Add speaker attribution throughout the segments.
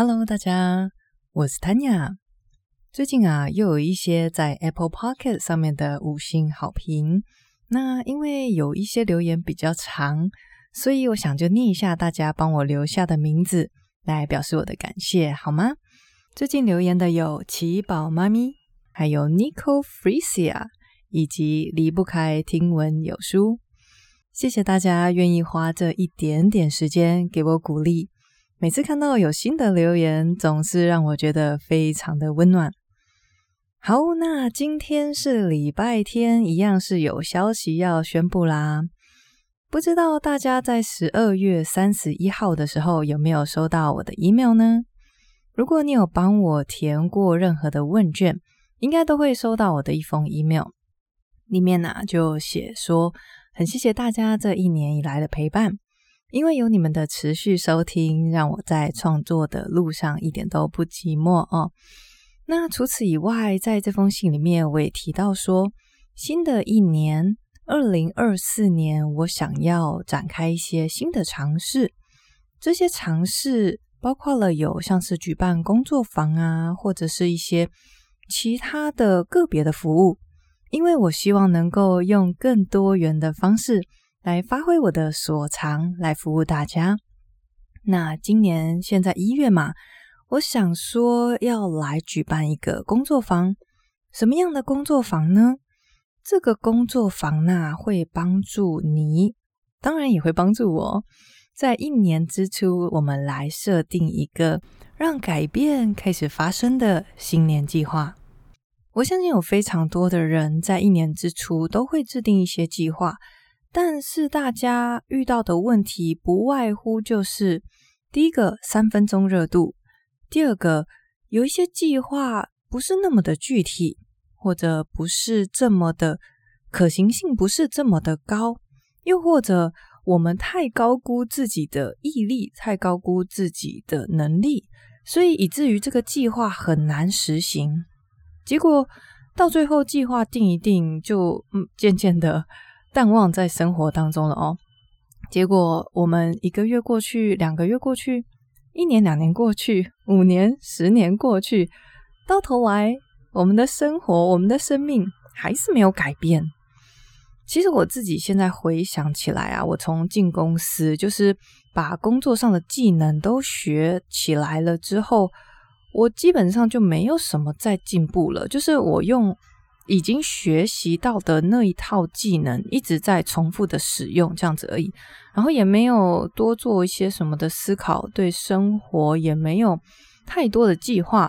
Speaker 1: Hello，大家，我是 Tanya。最近啊，又有一些在 Apple Pocket 上面的五星好評。那因為有一些留言比較長，所以我想就念一下大家幫我留下的名字，來表示我的感謝，好嗎？最近留言的有奇寶媽咪，還有 Nico Frisia，以及離不開聽聞有書。謝謝大家願意花這一點點時間給我鼓勵。每次看到有新的留言，總是讓我覺得非常的溫暖。好，那今天是禮拜天，一樣是有消息要宣布啦。不知道大家在十二月三十一號的時候有沒有收到我的 email 呢？如果你有幫我填過任何的問卷，應該都會收到我的一封 email，裡面呢、啊、就寫說很謝謝大家這一年以來的陪伴。因為有你們的持續收聽，讓我在創作的路上一點都不寂寞哦。那除此以外，在這封信裡面，我也提到說，新的一年，二零二四年，我想要展開一些新的嘗試。這些嘗試包括了有像是舉辦工作坊啊，或者是一些其他的個別的服務，因為我希望能夠用更多元的方式。來發揮我的所長，來服務大家。那今年現在一月嘛，我想說要來舉辦一個工作坊。什麼樣的工作坊呢？這個工作坊呢，會幫助你，當然也會幫助我。在一年之初，我們來設定一個讓改變開始發生的新年計劃。我相信有非常多的人在一年之初都會制定一些計劃。但是大家遇到的問題不外乎就是：第一個三分鐘熱度；第二個，有一些計劃不是那麼的具體，或者不是這麼的可行性不是這麼的高；又或者我們太高估自己的毅力，太高估自己的能力，所以以至於這個計劃很難實行。結果到最後，計劃定一定就，嗯，漸漸的。淡忘在生活當中了哦。結果我們一個月過去，兩個月過去，一年、兩年過去，五年、十年過去，到頭來我們的生活、我們的生命還是沒有改變。其實我自己現在回想起來啊，我從進公司就是把工作上的技能都學起來了之後，我基本上就沒有什麼再進步了，就是我用。已經學習到的那一套技能，一直在重複的使用，這樣子而已，然後也沒有多做一些什麼的思考，對生活也沒有太多的計劃，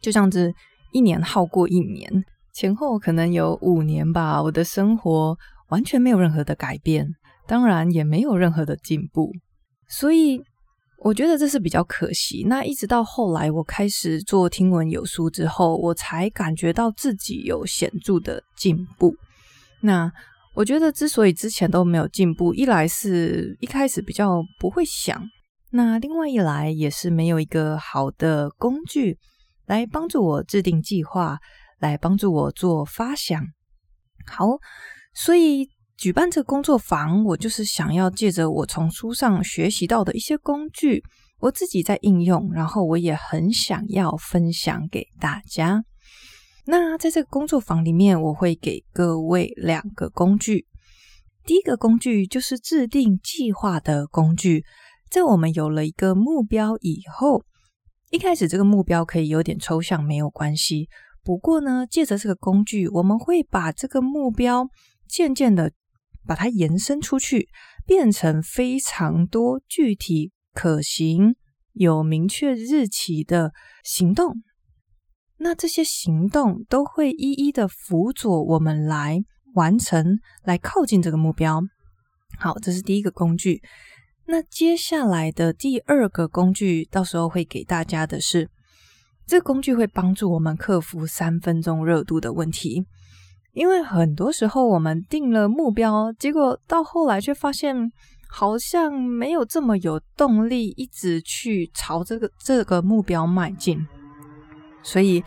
Speaker 1: 就這樣子，一年耗過一年，前後可能有五年吧，我的生活完全沒有任何的改變，當然也沒有任何的進步，所以。我覺得這是比較可惜。那一直到後來，我開始做聽聞有書之後，我才感覺到自己有顯著的進步。那我覺得，之所以之前都沒有進步，一來是一開始比較不會想，那另外一來也是沒有一個好的工具來幫助我制定計劃，來幫助我做發想。好，所以。舉辦這個工作坊，我就是想要借着我從書上學習到的一些工具，我自己在應用，然後我也很想要分享給大家。那在這個工作坊裡面，我會給各位兩個工具。第一個工具就是制定計劃的工具。在我們有了一個目標以後，一開始這個目標可以有點抽象，沒有關係。不過呢，借着這個工具，我們會把這個目標漸漸的。把它延伸出去，變成非常多具體、可行、有明確日期的行動。那這些行動都會一一的輔佐我們來完成，來靠近這個目標。好，這是第一個工具。那接下來的第二個工具，到時候會給大家的是，這個工具會幫助我們克服三分鐘熱度的問題。因為很多時候我們定了目標，結果到後來卻發現好像沒有這麼有動力一直去朝這個這個目標邁進。所以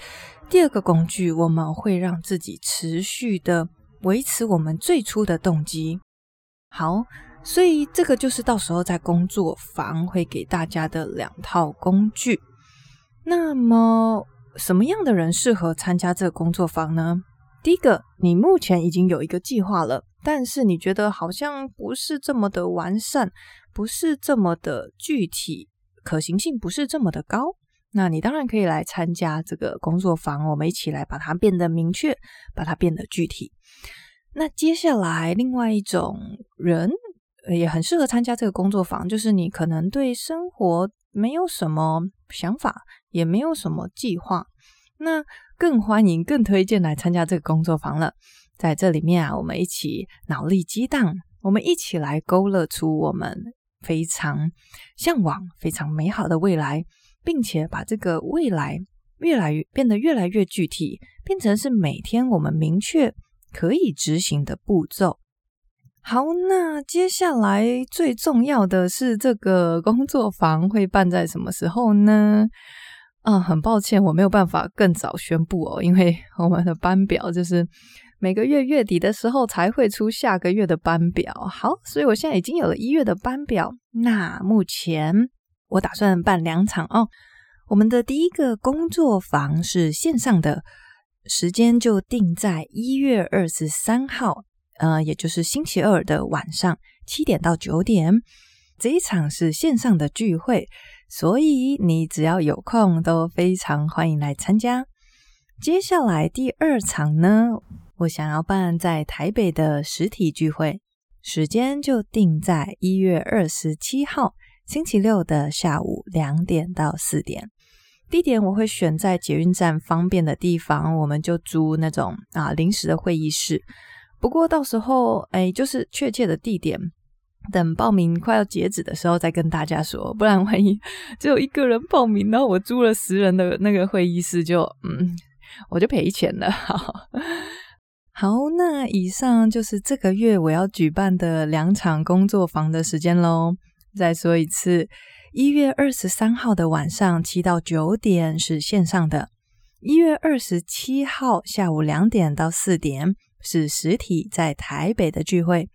Speaker 1: 第二個工具，我們會讓自己持續的維持我們最初的動機。好，所以這個就是到時候在工作坊會給大家的兩套工具。那麼什麼樣的人適合參加這個工作坊呢？第一個，你目前已經有一個計劃了，但是你覺得好像不是這麼的完善，不是這麼的具體，可行性不是這麼的高，那你當然可以來參加這個工作坊，我們一起來把它變得明確，把它變得具體。那接下來，另外一種人也很適合參加這個工作坊，就是你可能對生活沒有什麼想法，也沒有什麼計劃。那更歡迎、更推薦來參加這個工作坊了。在這裡面啊，我們一起腦力激盪，我們一起來勾勒出我們非常向往、非常美好的未來，並且把這個未來越來越變得越來越具體，變成是每天我們明確可以執行的步驟。好，那接下來最重要的是，這個工作坊會辦在什麼時候呢？嗯，很抱歉，我沒有辦法更早宣布哦，因為我們的班表就是每個月月底的時候才會出下個月的班表。好，所以我現在已經有了一月的班表。那目前我打算辦兩場哦。我們的第一個工作坊是線上的，時間就定在一月二十三號，呃，也就是星期二的晚上七點到九點。這一場是線上的聚會。所以你只要有空都非常歡迎來參加。接下來第二場呢，我想要辦在台北的實體聚會，時間就定在一月二十七號星期六的下午兩點到四點。地點我會選在捷運站方便的地方，我們就租那種啊臨時的會議室。不過到時候哎，就是確切的地點。等報名快要截止的時候，再跟大家說，不然萬一只有一個人報名，然後我租了十人的那個會議室就，就嗯，我就賠錢了。好，好，那以上就是這個月我要舉辦的兩場工作坊的時間嘍。再說一次，一月二十三號的晚上七到九點是線上的，一月二十七號下午兩點到四點是實體在台北的聚會。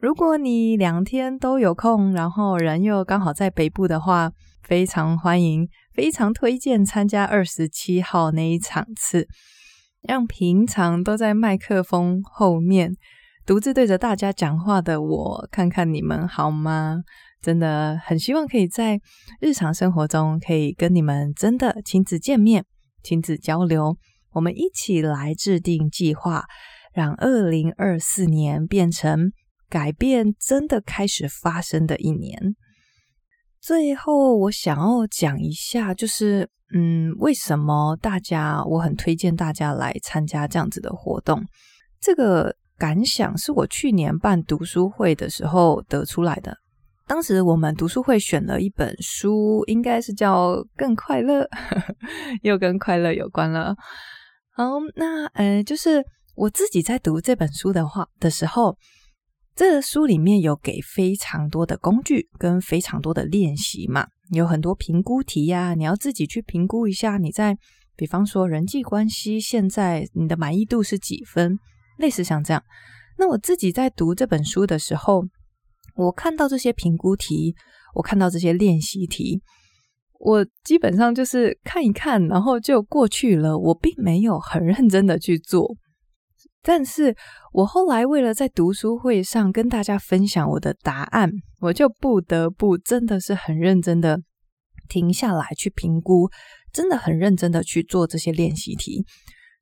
Speaker 1: 如果你兩天都有空，然後人又剛好在北部的話，非常歡迎，非常推薦參加二十七號那一場次，讓平常都在麥克風後面獨自對着大家講話的我，看看你們好嗎？真的很希望可以在日常生活中可以跟你們真的親自見面、親自交流，我們一起來制定計劃，讓二零二四年變成。改變真的開始發生的一年。最後，我想要講一下，就是嗯，為什麼大家，我很推薦大家來參加這樣子的活動。這個感想是我去年辦讀書會的時候得出來的。當時我們讀書會選了一本書，應該是叫《更快樂》呵呵，又跟快樂有關了。好，那呃，就是我自己在讀這本書的話的時候。這書裡面有給非常多的工具跟非常多的練習嘛，有很多評估題呀，你要自己去評估一下你在，比方說人際關係現在你的滿意度是幾分，類似像這樣。那我自己在讀這本書的時候，我看到這些評估題，我看到這些練習題，我基本上就是看一看，然後就過去了，我並沒有很認真的去做。但是我後來為了在讀書會上跟大家分享我的答案，我就不得不真的是很認真的停下來去評估，真的很認真的去做這些練習題，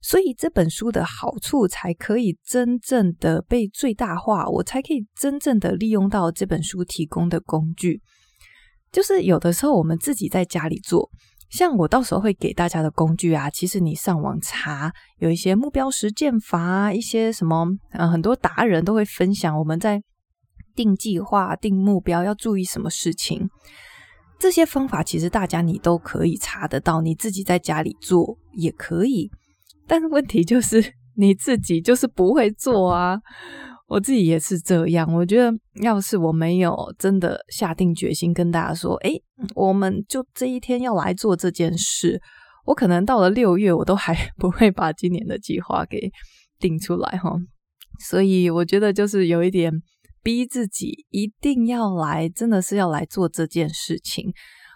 Speaker 1: 所以這本書的好處才可以真正的被最大化，我才可以真正的利用到這本書提供的工具。就是有的時候我們自己在家裡做。像我到時候會給大家的工具啊，其實你上網查，有一些目標實踐法，一些什麼，嗯，很多達人都會分享。我們在定計劃、定目標要注意什麼事情，這些方法其實大家你都可以查得到，你自己在家裡做也可以。但問題就是你自己就是不會做啊。我自己也是這樣，我覺得要是我沒有真的下定決心跟大家說，誒，我們就這一天要來做這件事，我可能到了六月我都還不會把今年的計劃給定出來哈、哦。所以我覺得就是有一點逼自己一定要來，真的是要來做這件事情。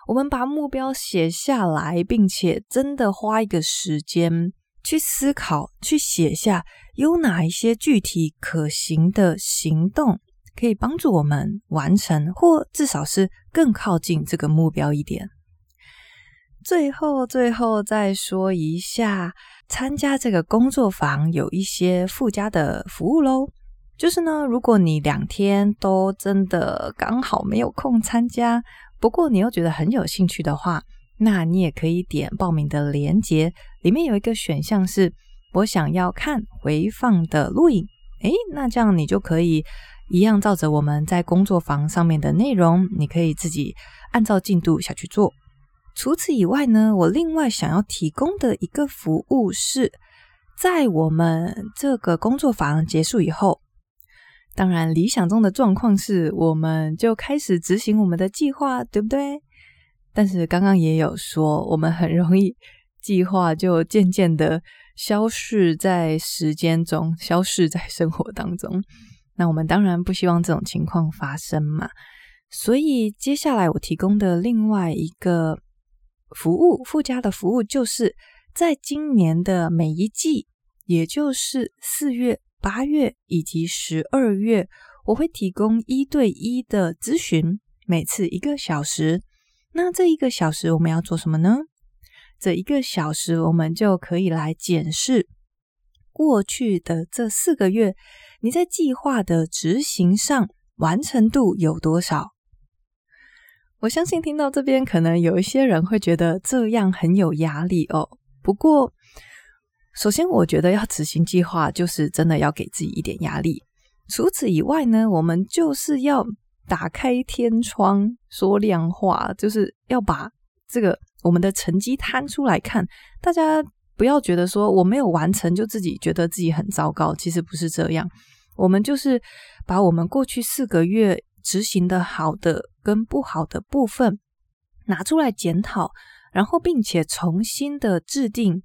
Speaker 1: 我們把目標寫下來，並且真的花一個時間。去思考，去寫下有哪一些具體可行的行動，可以幫助我們完成，或至少是更靠近這個目標一點。最後，最後再說一下，參加這個工作坊有一些附加的服務嘍。就是呢，如果你兩天都真的剛好沒有空參加，不過你又覺得很有興趣的話，那你也可以點報名的連結，裡面有一個選項是“我想要看回放的錄影”。誒，那這樣你就可以一樣照着我們在工作坊上面的內容，你可以自己按照進度下去做。除此以外呢，我另外想要提供的一個服務是，在我們這個工作坊結束以後，當然理想中的狀況是我們就開始執行我們的計劃，對不對？但是剛剛也有說，我們很容易計劃就漸漸的消逝在時間中，消逝在生活當中。那我們當然不希望這種情況發生嘛。所以接下來我提供的另外一個服務，附加的服務就是，在今年的每一季，也就是四月、八月以及十二月，我會提供一對一的諮詢，每次一個小時。那這一個小時我們要做什麼呢？這一個小時我們就可以來檢視過去的這四個月，你在計劃的執行上完成度有多少？我相信聽到這邊，可能有一些人會覺得這樣很有壓力哦。不過，首先我覺得要執行計劃，就是真的要給自己一點壓力。除此以外呢，我們就是要。打開天窗說亮話，就是要把這個我們的成績攤出來看。大家不要覺得說我沒有完成，就自己覺得自己很糟糕。其實不是這樣，我們就是把我們過去四個月執行的好的跟不好的部分拿出來檢討，然後並且重新的制定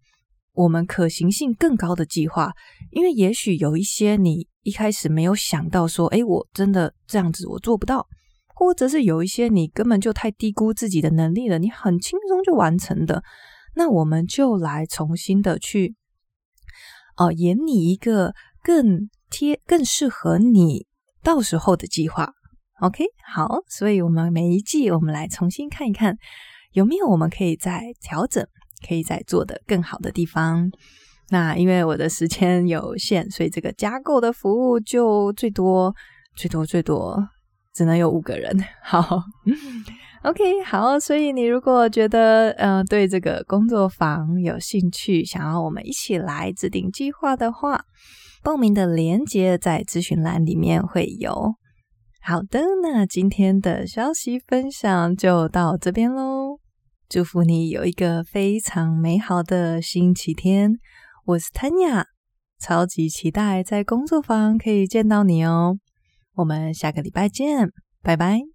Speaker 1: 我們可行性更高的計劃。因為也許有一些你。一開始沒有想到說，哎、欸，我真的這樣子我做不到，或者是有一些你根本就太低估自己的能力了，你很輕鬆就完成的，那我們就來重新的去，哦、呃，演你一個更貼、更適合你到時候的計劃。OK，好，所以我們每一季我們來重新看一看有沒有我們可以再調整、可以再做得更好的地方。那因為我的時間有限，所以這個加購的服務就最多最多最多只能有五個人。好 ，OK，好，所以你如果覺得嗯、呃、對這個工作坊有興趣，想要我們一起來制定計劃的話，報名的鏈接在資訊欄裡面會有。好的，那今天的消息分享就到這邊嘍。祝福你有一個非常美好的星期天。我是 Tanya，超級期待在工作坊可以見到你哦！我們下個禮拜見，拜拜。